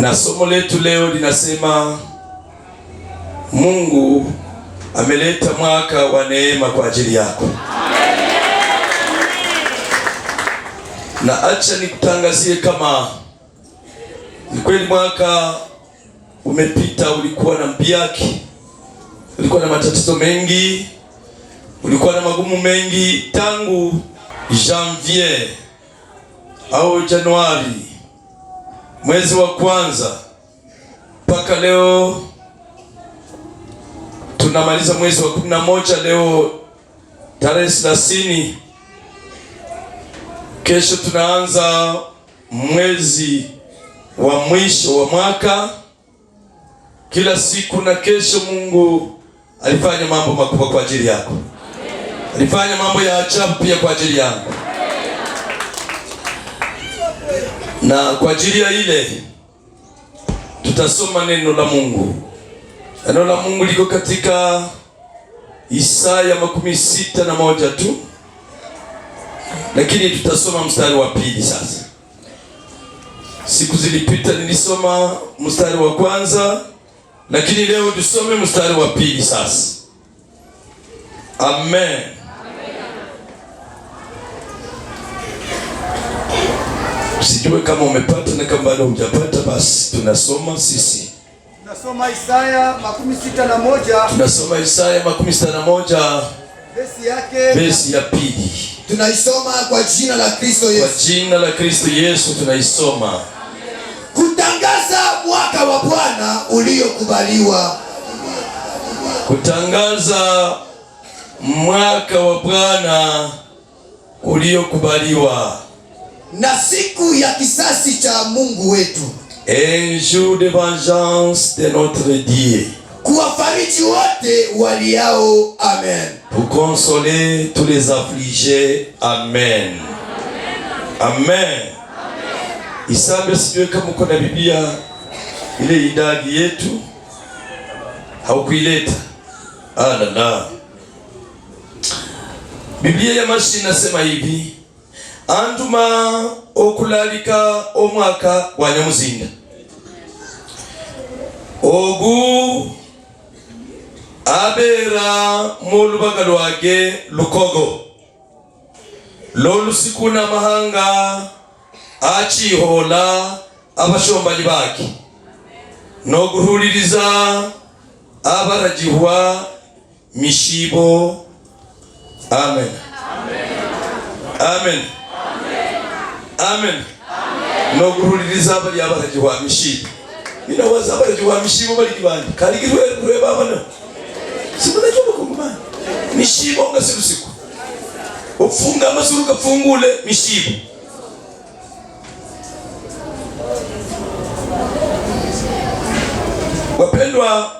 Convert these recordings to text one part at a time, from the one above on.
na somo letu leo linasema Mungu ameleta mwaka wa neema kwa ajili yako. Na acha nikutangazie kama ni kweli mwaka umepita, ulikuwa na mbiaki, ulikuwa na matatizo mengi, ulikuwa na magumu mengi tangu Janvier au Januari mwezi wa kwanza mpaka leo tunamaliza mwezi wa kumi na moja leo tarehe thelathini. Kesho tunaanza mwezi wa mwisho wa mwaka. Kila siku na kesho, Mungu alifanya mambo makubwa kwa ajili yako, alifanya mambo ya ajabu pia kwa ajili yangu. na kwa ajili ya ile tutasoma neno la Mungu. Neno la Mungu liko katika Isaya makumi sita na moja tu, lakini tutasoma mstari wa pili. Sasa siku zilipita nilisoma mstari wa kwanza, lakini leo tusome mstari wa pili sasa. Amen. Sijue kama umepata na kama bado hujapata, basi tunasoma sisi. Tunasoma Isaya makumi sita na moja. Tunasoma Isaya makumi sita na moja. Besi yake. Besi ya pili. Tunaisoma kwa jina la Kristo Yesu. Kwa jina la Kristo Yesu tunaisoma. Kutangaza mwaka wa Bwana uliokubaliwa. Kutangaza mwaka wa Bwana uliokubaliwa na siku ya kisasi cha Mungu wetu, et jour de vengeance de notre Dieu, kuwafariji wote waliao. Amen. Pour consoler tous les affligés. Amen. Amen, Isabe, sijue kama uko na Biblia ile idadi yetu haukuileta. Ah, la la, Biblia ya Mashi inasema hivi antuma okulalika omwaka gwa nyamuzinda ogu abeera mulubaga lwage lukogo lolusiku n'amahanga akihoola abashombanyi bake noguhuliriza abaragihwa mishibo amen amen, amen amen No nokuhuliriza abali abalagihwamishire ninawaza abalagihwamishire baligibandi kaligirwebabana simunacobakumumana mishibo nga silusiku ofunga amasuru gafungule mishi. wapendwa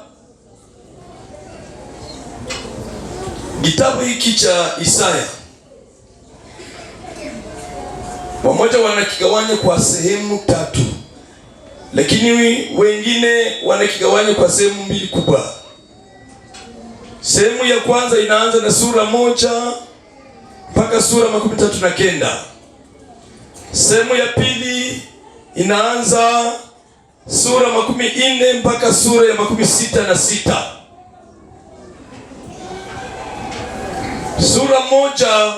kitabu hiki cha Isaya pamoja wanakigawanya kwa sehemu tatu, lakini wengine wanakigawanya kwa sehemu mbili kubwa. Sehemu ya kwanza inaanza na sura moja mpaka sura makumi tatu na kenda. Sehemu ya pili inaanza sura makumi nne mpaka sura ya makumi sita na sita. Sura moja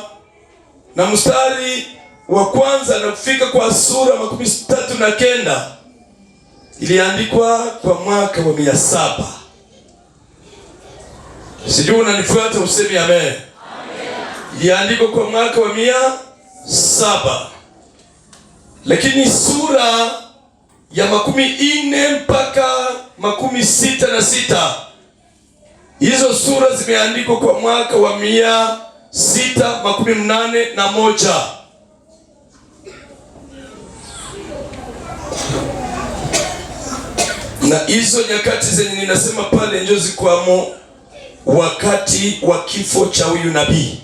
na mstari wa kwanza na kufika kwa sura makumi tatu na kenda iliandikwa kwa mwaka wa mia saba. Sijui unanifuata, usemi amen. Iliandikwa kwa mwaka wa mia saba, lakini sura ya makumi nne mpaka makumi sita na sita hizo sura zimeandikwa kwa mwaka wa mia sita makumi mnane na moja. na hizo nyakati zenye ninasema pale njo zikwamo wakati wa kifo cha huyu nabii.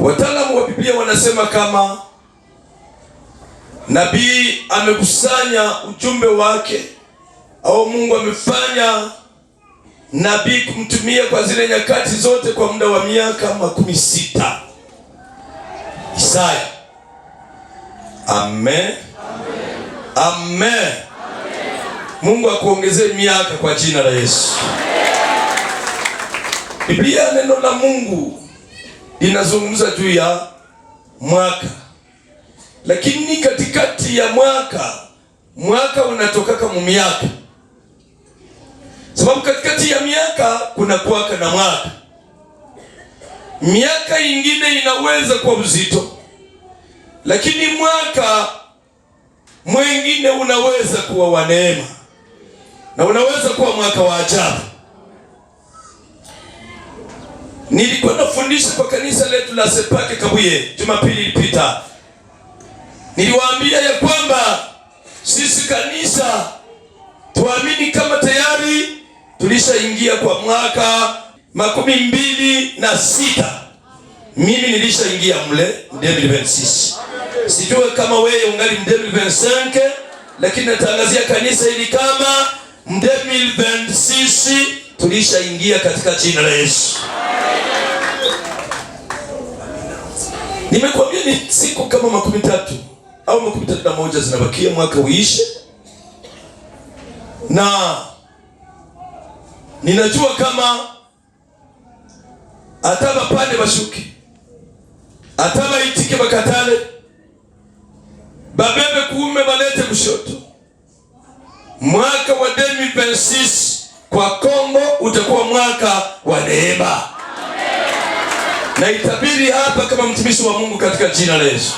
Wataalamu wa Biblia wanasema kama nabii amekusanya ujumbe wake au Mungu amefanya nabii kumtumia kwa zile nyakati zote kwa muda wa miaka makumi sita. Isaya. Amen. Amen. Amen. Mungu akuongezee miaka kwa jina la Yesu. Biblia, neno la Mungu linazungumza juu ya mwaka, lakini katikati ya mwaka, mwaka unatokaka mu miaka, sababu katikati ya miaka kuna kuwaka na mwaka. Miaka ingine inaweza kuwa uzito, lakini mwaka mwingine unaweza kuwa wa neema na unaweza kuwa mwaka wa ajabu. Nilikuwa nafundisha kwa kanisa letu la Sepake Kabuye Jumapili ilipita, niliwaambia ya kwamba sisi kanisa tuamini kama tayari tulishaingia kwa mwaka makumi mbili na sita mimi nilishaingia mle 2026. Sijue kama wewe ungali 2025 lakini natangazia kanisa ili kama 2026 tulishaingia katika jina la Yesu. Nimekwambia ni siku kama makumi tatu au makumi tatu na moja zinabakia mwaka uishe, na ninajua kama hata bapande bashuke ata vaitike bakatale babebe kuume balete kushoto. Mwaka wa 2026 kwa Kongo utakuwa mwaka wa neema, na itabiri hapa kama mtumishi wa Mungu katika jina la Yesu.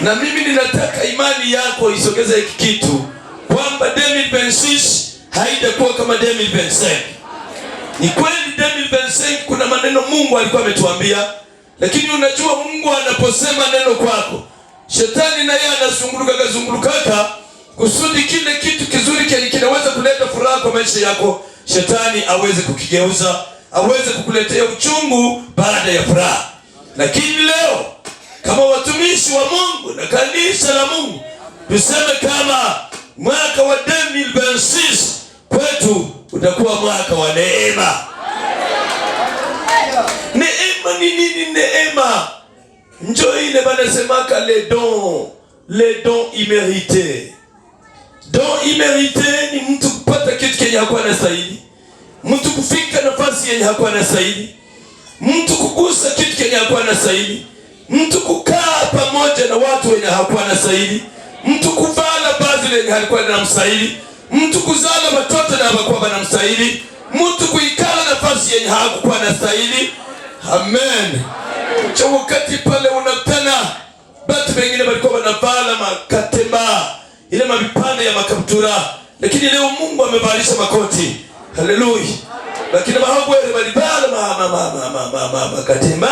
Na mimi ninataka imani yako isogeze hiki kitu kwamba 2026 haijakuwa kama 2025. Ni kweli kuna maneno Mungu alikuwa ametuambia lakini unajua Mungu anaposema neno kwako, shetani naye anazunguruka kazungurukaka kusudi kile kitu kizuri kile kinaweza kuleta furaha kwa maisha yako, shetani aweze kukigeuza, aweze kukuletea uchungu baada ya furaha. Lakini leo kama watumishi wa Mungu na kanisa la Mungu tuseme kama mwaka wa 2026 kwetu utakuwa mwaka wa neema neema ni nini? Neema njo ile banasemaka le don, le don imerite. Don imerite ni mtu kupata kitu kenye hakuwa na saidi, mtu kufika nafasi yenye hakuwa na saidi, mtu kugusa kitu kenye hakuwa na saidi, mtu kukaa pamoja na watu wenye hakuwa na saidi, mtu kuvala vazi lenye halikuwa msaidi, mtu kuzala watoto na hawakuwa msaidi, mtu kuikala nafasi yenye hakuwa anastahili Amen. Cha wakati pale unatana batu wengine walikuwa wanavala makatema ile mavipande ya makaptura, lakini leo Mungu amevalisha makoti. Haleluya! Lakini mahagwere walivala ma ma ma ma, ma, ma, ma, makatema,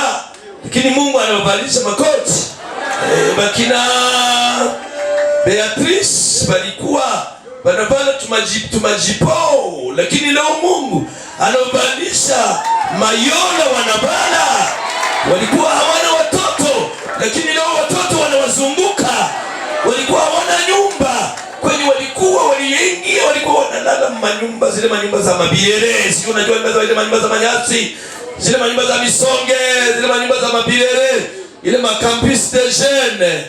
lakini Mungu anawavalisha makoti. Eh, bakina Beatrice walikuwa barabara tumajipo, oh, lakini leo Mungu anaobadilisha mayola Wanabara walikuwa hawana watoto, lakini leo watoto wanawazunguka. Walikuwa hawana nyumba, kwani walikuwa waliingia, walikuwa wanalala manyumba, zile manyumba za mabiere, sio? Unajua zile manyumba za manyasi, zile manyumba za misonge, zile manyumba za mabiere, ile makampiste jeune,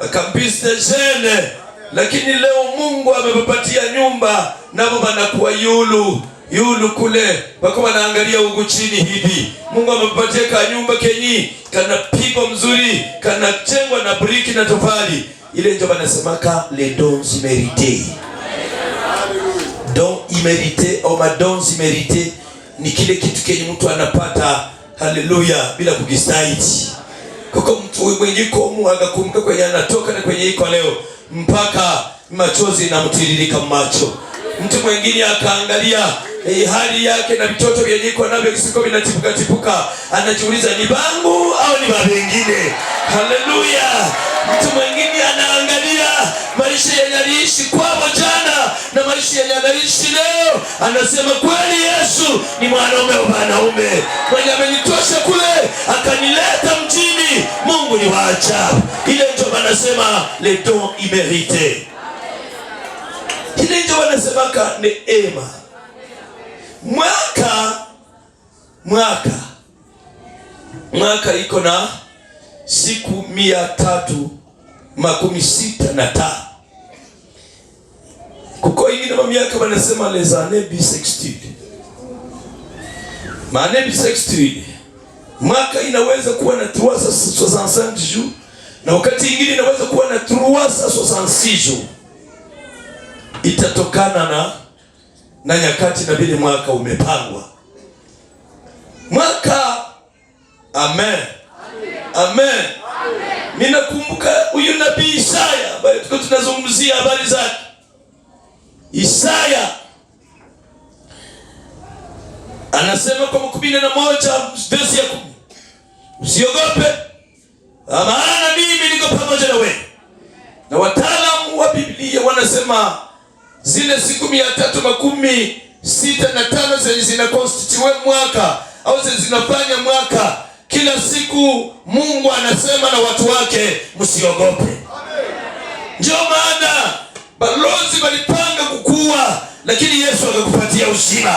makampiste jeune lakini leo Mungu amepapatia nyumba navo vanakuwa yulu yulu kule wako wanaangalia huku chini hivi. Mungu amepapatia ka nyumba kenyi kanapigwa mzuri kanachengwa na briki na tofali ile, ndio wanasemaka le don imerite don imerite au madon imerite, ni kile kitu kenye mtu anapata haleluya, bila kukistaiti Koko mtu mwenye komu agakumbuka kwenye anatoka na kwenye iko leo mpaka machozi inamtiririka macho. Mtu mwingine akaangalia eh, hali yake na vitoto vyenye navyo kisiko visiko chipuka, anajiuliza ni bangu au ni ba Haleluya! Mtu mwingine anaangalia maisha yenye aliishi kwao jana na maisha yenye anaishi leo, anasema kweli Yesu ni mwanaume wa wanaume mwenye amenitosha kule akanileta mjini. Mungu ni wa ajabu. Ile ndio wanasema le don imerite, ile ndio wanasemaka neema. Mwaka mwaka mwaka iko na siku mia tatu makumi sita na tano kuko ingine mamyaka banasema les années bisextiles. Maana bisextile mwaka inaweza kuwa na 365 jours na wakati ingine inaweza kuwa na 366 jours, itatokana na na nyakati na vile mwaka umepangwa mwaka. Amen, amen, amen ninakumbuka huyu nabii Isaya ambaye tuko tunazungumzia habari zake. Isaya anasema kwa kumi na moja verse ya kumi, usiogope maana mimi niko pamoja na wewe. Na wataalamu wa Biblia wanasema zile siku mia tatu makumi sita na tano zenye zina constitute mwaka au zenye zinafanya mwaka kila siku Mungu anasema na watu wake, msiogope. Ndio maana balozi walipanga kukua, lakini Yesu akakupatia uzima.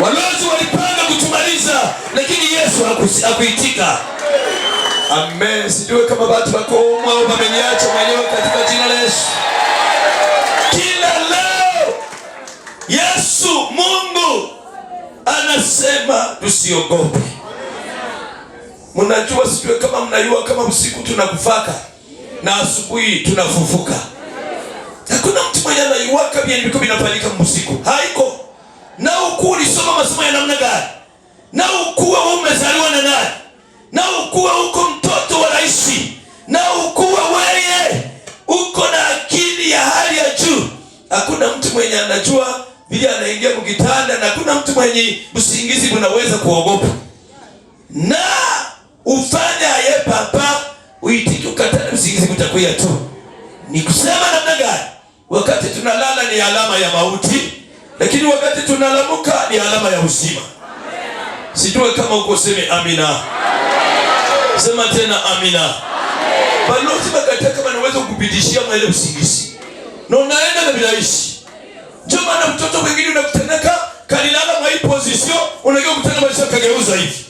Walozi walipanga kutumaliza, lakini Yesu hakuitika. Amen. Sijue kama watu wako au wameniacha mwenyewe katika jina la Yesu. Kila leo Yesu Mungu anasema tusiogope. Mnajua sijue kama mnajua kama usiku tunakufaka na asubuhi tunafufuka. Hakuna mtu mwenye anaiwaka vya ndiko vinafanyika usiku. Haiko. Na ukuwa ulisoma masomo ya namna gani? Na ukuu wewe umezaliwa na nani? Na ukuwa uko mtoto wa rais. Na ukuu wewe uko na akili ya hali ya juu. Hakuna mtu mwenye anajua vile anaingia mkitanda na hakuna mtu mwenye usingizi unaweza kuogopa. Na ufanye aye papa uitiki ukatana msingizi kutakuya tu. Ni kusema namna gani? Wakati tunalala ni alama ya mauti, lakini wakati tunalamuka ni alama ya uzima. Sijue kama uko, seme amina. Sema tena amina. Balozi bakataa kama naweza kupitishia maile usingizi na unaenda na vilaishi. Ndio maana mtoto mwingine unakutanaka kalilala mwai position, unajua kutana maisha kageuza hivi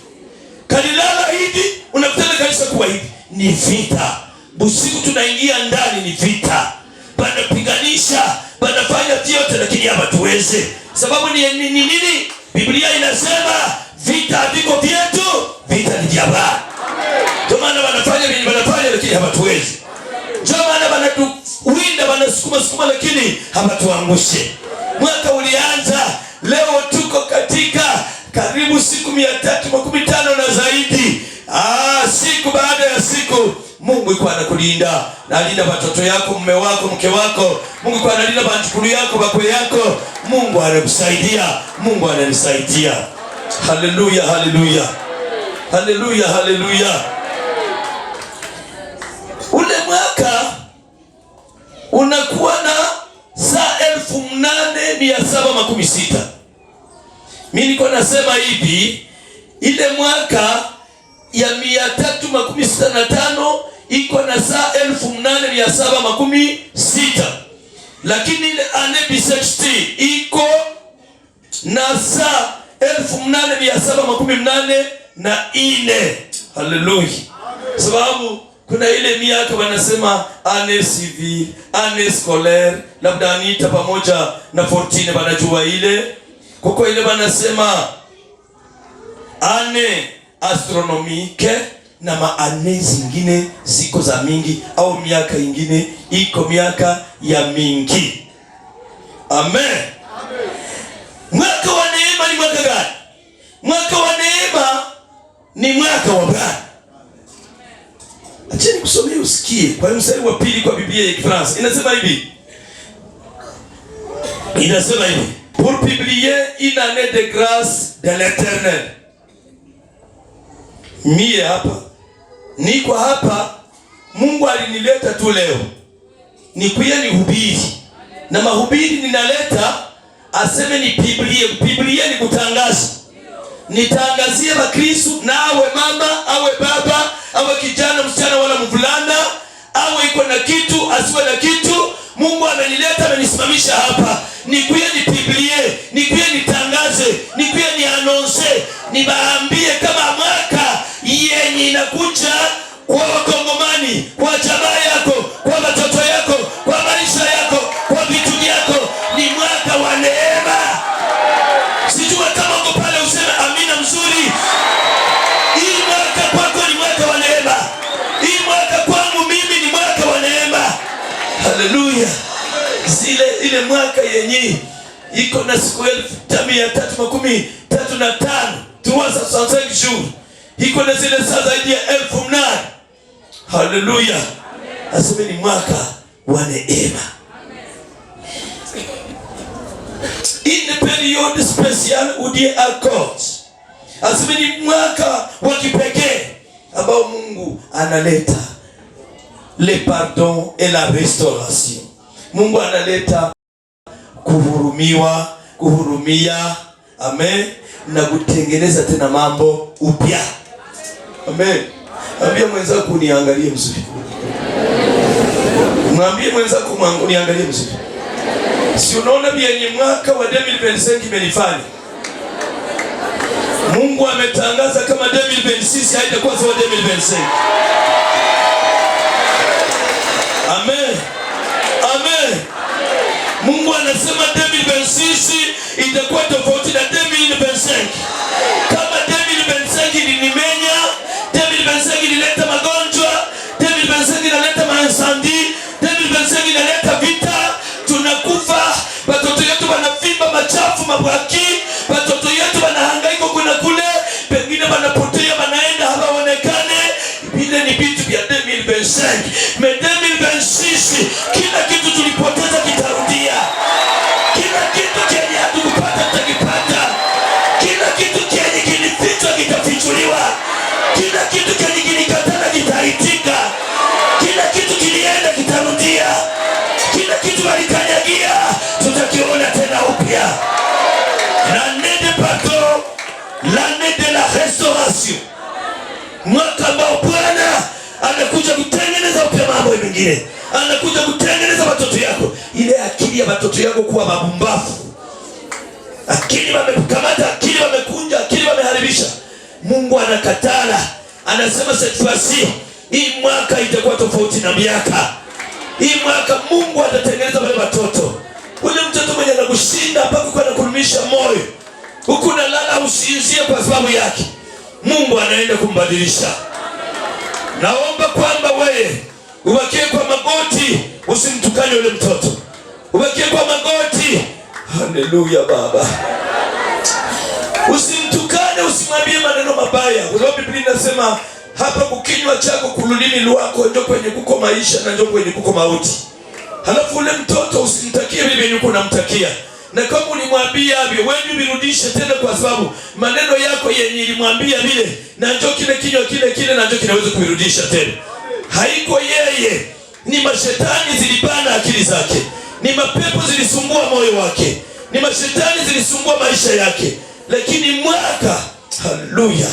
kalilala hivi, unakutana kanisa kuwa hivi. Ni vita, busiku tunaingia ndani, ni vita, banapiganisha banafanya vyote, lakini hapa tuweze Sababu ni nini? Ni, ni, Biblia inasema vita viko vyetu, vita ni vya Baba. Ndio maana wanafanya vini wanafanya, lakini hawatuwezi. Ndio maana wanatuwinda, wanasukuma sukuma, lakini hapa tuangushe Mwaka ulianza leo, tuko katika karibu siku mia tatu makumi tano na zaidi. Aa, ah, siku baada ya siku Mungu iko anakulinda na alinda watoto yako, mume wako, mke wako. Mungu iko analinda bantukulu yako, bakwe yako. Mungu anakusaidia, Mungu ananisaidia. Haleluya, haleluya, haleluya, haleluya. Ule mwaka unakuwa na saa elfu mnane mia saba makumi sita mimi niko nasema hivi, ile mwaka ya mia tatu makumi sita na tano iko na saa elfu mnane mia saba makumi sita lakini ile ane bisexti iko na saa elfu mnane mia saba makumi mnane na ine. Haleluya! sababu kuna ile miaka wanasema ane civil ane scolaire, labda aniita pamoja na 14 wanajua ile kuko ile banasema ane astronomike na maane zingine ziko za mingi, au miaka ingine iko miaka ya mingi. Amen, amen. Mwaka wa neema ni mwaka gani? Mwaka wa neema ni mwaka wa gani? Acheni kusomea usikie, kwa mstari wa pili kwa Biblia ya Kifaransa inasema hivi, inasema hivi pour publier une année de grâce de l'Éternel. Mie hapa niko hapa, Mungu alinileta tu leo nikuye nihubiri, na mahubiri ninaleta aseme nipiblie. Biblia ni kutangaza, nitangazie Bakristu, na awe mama awe baba awe kijana msichana wala mvulana, awe iko na kitu asiwe na kitu Mungu amenileta amenisimamisha hapa, nikuye nipiblie, nikuye nitangaze, nikuye nianonse, nibaambie kama yenye iko na siku elfu mia tatu makumi tatu na tano tuwaza sanzaki iko na zile saa zaidi ya elfu mnane haleluya. Aseme ni mwaka wa neema. Ine periode special udie accord. Aseme ni mwaka wa kipekee ambao Mungu analeta le pardon et la restauration. Mungu analeta kuhurumiwa, kuhurumia, amen, na kutengeneza tena mambo upya, amen. Mwambie mwenzako niangalie mzuri, mwambie mwenzako mwangu niangalie mzuri. Si unaona vyenye mwaka wa 2025 imenifanya Mungu ametangaza kama 2026 haitakuwa sawa 2025. Amen. Mungu anasema restauration, mwaka ambao Bwana anakuja kutengeneza upya mambo mengine, anakuja kutengeneza watoto yako, ile akili ya watoto yako kuwa mabumbafu, akili wamekukamata, akili wamekunja, akili wameharibisha. Mungu anakatala, anasema setuasi hii mwaka itakuwa tofauti na miaka hii mwaka. Mungu atatengeneza wale watoto. Ule mtoto mwenye anakushinda mpaka anakurumisha moyo huku nalala, usinzie kwa sababu yake. Mungu anaenda kumbadilisha. Naomba kwamba wewe ubakie kwa magoti, usimtukane yule mtoto, ubakie kwa magoti. Haleluya Baba, usimtukane, usimwambie maneno mabaya. kwa sababu Biblia inasema hapa kukinywa chako kululimi lwako ndio kwenye kuko maisha na ndio kwenye kuko mauti. Halafu ule mtoto usimtakie vile namtakia na kama ulimwambia ulimwambiavyo wewe uvirudishe tena, kwa sababu maneno yako yenye ilimwambia vile, na njoo kile kinywa kile kile, na njoo kinaweza kuirudisha tena. Haiko yeye, ni mashetani zilipana akili zake, ni mapepo zilisumbua moyo wake, ni mashetani zilisumbua maisha yake, lakini mwaka haleluya,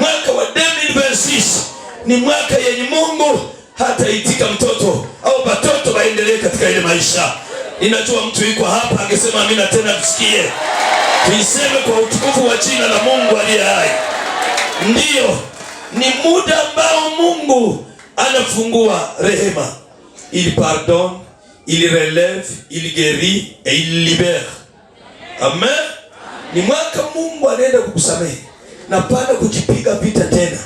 mwaka wa david versus ni mwaka yenye Mungu hataitika mtoto au watoto waendelee katika ile maisha Ninajua mtu yuko hapa akisema amina tena tusikie. Tuiseme kwa utukufu wa jina la Mungu aliye hai. Ndiyo, ni muda ambao Mungu anafungua rehema. Il pardon il relève, il guérit et il libère. Amen. Ni mwaka Mungu anaenda kukusamehe na pale kujipiga vita tena.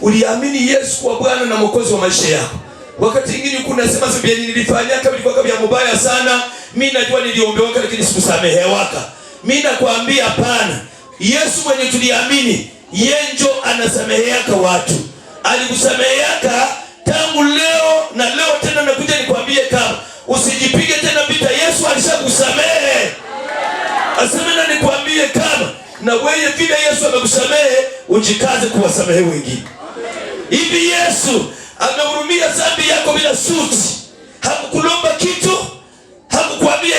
Uliamini Yesu kwa Bwana na Mwokozi wa maisha yako. Wakati mwingine kuna sema, sivyo nilifanya kabla, ilikuwa kabla mubaya sana mi najua niliombewa lakini sikusamehewaka. mi nakwambia hapana. Yesu mwenye tuliamini yenjo anasameheaka watu, alikusameheaka tangu leo na leo tena. Nakuja nikwambie kama usijipige tena pita Yesu alishakusamehe. Aseme na nikwambie kama na weye vile Yesu amekusamehe, ujikaze kuwasamehe wengine. Hivi Yesu amehurumia zambi yako bila suti, hakukulomba kitu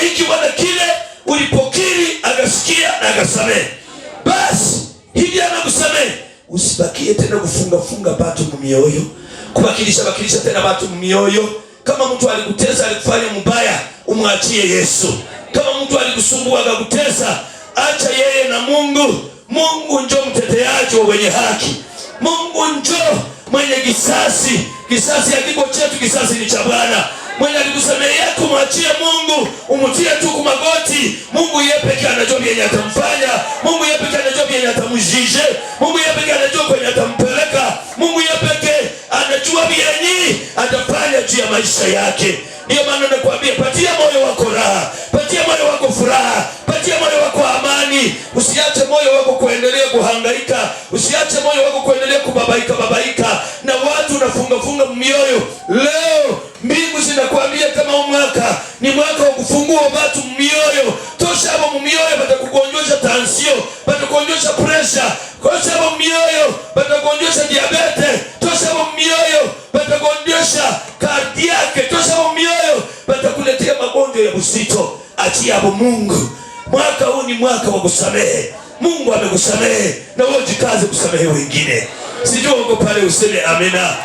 hiki wala kile, ulipokiri akasikia na akasamehe. Basi hivi anakusamehe, usibakie tena kufungafunga batu mumioyo, kubakilisha bakilisha tena batu mumioyo. Kama mtu alikutesa alikufanya mubaya, umwachie Yesu. Kama mtu alikusumbua akakutesa, acha yeye na Mungu. Mungu njo mteteaji wa wenye haki. Mungu njo mwenye kisasi. Kisasi hakiko chetu, kisasi ni cha Bwana mwenye alikusemeye kumwachie Mungu, umtie tu kumagoti. Mungu yeye pekee anajua yenye atamfanya. Mungu yeye pekee anajua yenye atamjije. Mungu yeye pekee anajua kwenye atampeleka. Mungu yeye pekee anajua yenye atafanya juu ya maisha yake. Ndio maana nakwambia, patia moyo wako raha, patia moyo wako furaha, patia moyo wako amani. Usiache moyo wako kuendelea kuhangaika, usiache moyo wako kuendelea kubabaika babaika na watu nafunga funga mioyo leo kugonjesa kwa sababu mioyo batagonjesa diabete kwa sababu mioyo batagonjesa kardi yake kwa sababu mioyo batakuletea magonjwa ya busito achia hapo Mungu mwaka huu ni mwaka wa kusamehe Mungu amekusamehe na wewe jikaze kusamehe wengine sijui uko pale useme amena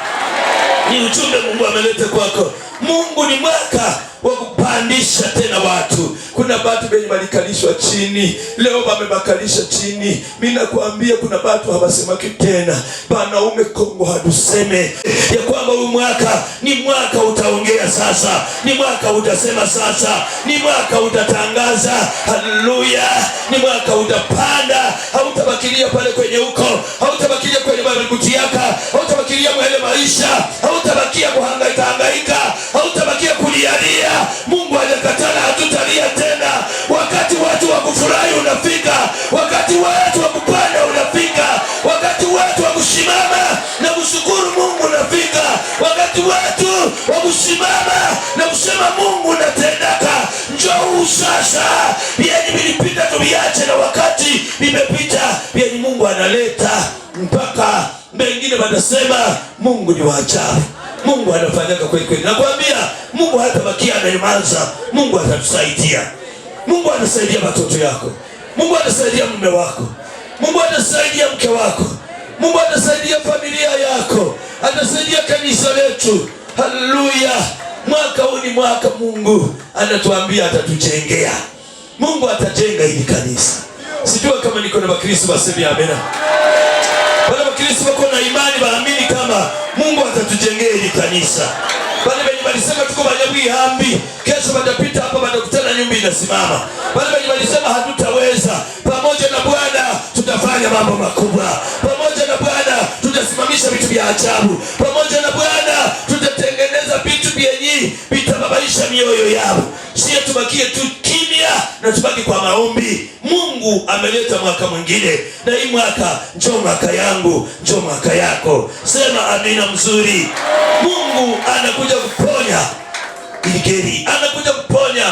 ni ujumbe Mungu ameleta kwako Mungu ni mwaka wa kupandisha tena watu. Kuna batu benye balikalishwa chini, leo bamebakalisha chini. Mimi nakwambia kuna batu habasemaki tena, banaume Kongo haduseme ya kwamba huu mwaka ni mwaka utaongea sasa, ni mwaka utasema sasa, ni mwaka utatangaza. Haleluya, ni mwaka utapanda, hautabakilia pale kwenye uko, hautabakilia kwenye maributiaka, hautabakilia mwele maisha, hautabakia kuhangaika hangaika, hauta tubakie kulialia. Mungu alikatala hatutalia tena. Wakati watu wa kufurahi unafika, wakati watu wa kupanda unafika, wakati watu wa kusimama na kushukuru Mungu unafika, wakati watu wa kusimama na kusema Mungu unatendaka. Njoo sasa, vyeni vilipita tuviache, na wakati vimepita, vyeni Mungu analeta mpaka mbengine wanasema Mungu ni waajabu. Mungu anafanyaga kweli kweli. Nakwambia Mungu hata hatabakia amelimaza. Mungu atatusaidia. Mungu anasaidia watoto yako. Mungu anasaidia mume wako. Mungu anasaidia mke wako. Mungu anasaidia familia yako. Anasaidia kanisa letu. Haleluya. Mwaka huu ni mwaka Mungu anatuambia atatujengea. Mungu atajenga hili kanisa. Sijua kama niko na Wakristo waseme amena. Wale Wakristo wako na imani waamini kama Mungu atatujengea hili kanisa. Wale wenye walisema tuko bajabu hambi, kesho watapita hapa watakutana nyumba inasimama. Wale wenye walisema katika mwaka mwingine, na hii mwaka njo mwaka yangu, njo mwaka yako. Sema amina mzuri. Mungu anakuja kuponya Igeri, anakuja kuponya.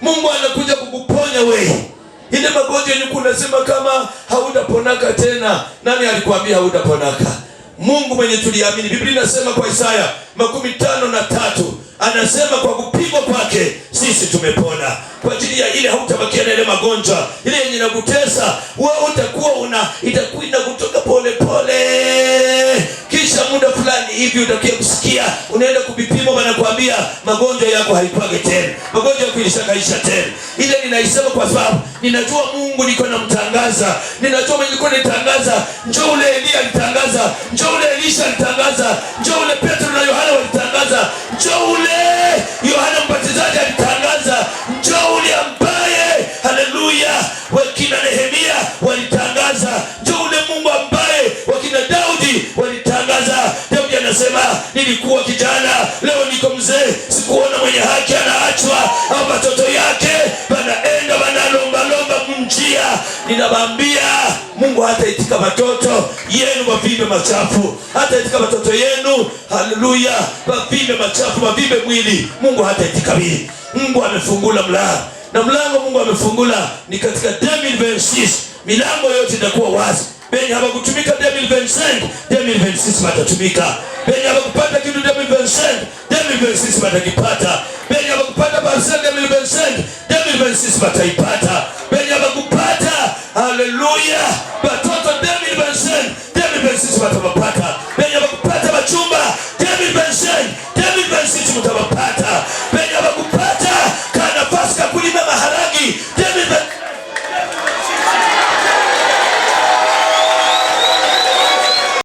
Mungu anakuja kukuponya wewe ile magonjwa yenye unasema kama haudaponaka tena. Nani alikwambia haudaponaka? Mungu mwenye tuliamini. Biblia inasema kwa Isaya makumi tano na tatu anasema kwa kupigwa kwake sisi tumepona. Kwa ajili ya ile hautabakia na ile magonjwa ile yenye inakutesa wewe, utakuwa una itakuwa inakutoka pole pole, kisha muda fulani hivi utakia kusikia unaenda kuvipima wanakuambia magonjwa yako haikwage tena, magonjwa yako ilishakaisha tena. Ile ninaisema kwa sababu ninajua Mungu niko namtangaza, ninajua nilikuwa nitangaza, njo ule Elia walitangaza, njo ule Elisha alitangaza, njo ule Petro na Yohana walitangaza, njo ule Yohana Mbatizaji alitangaza, njo ule ambaye, haleluya, wakina Nehemia walitangaza, njo ule Mungu ambaye wakina Daudi walitangaza. Daudi anasema nilikuwa kijana, leo niko mzee, sikuona mwenye haki anaachwa au watoto yake wanaenda wanalombalomba kunjia ninabambia Mungu hata itika watoto yenu wavimbe machafu, hata itika watoto yenu haleluya, wavimbe machafu, wavimbe mwili. Mungu hata itika hili. Mungu amefungula mlango na mlango Mungu amefungula ni katika 2026 milango yote itakuwa wazi. Benye hapa kutumika 2025, 2026 matatumika. Benye hapa kupata kitu 2025, 2026 matakipata. Benye hapa kupata parcel 2025, 2026 mataipata. Benye hapa kupata Haleluya! Watoto David Benson, David Benson mtawapata. Wenye kupata machumba, David Benson, David Benson mtawapata.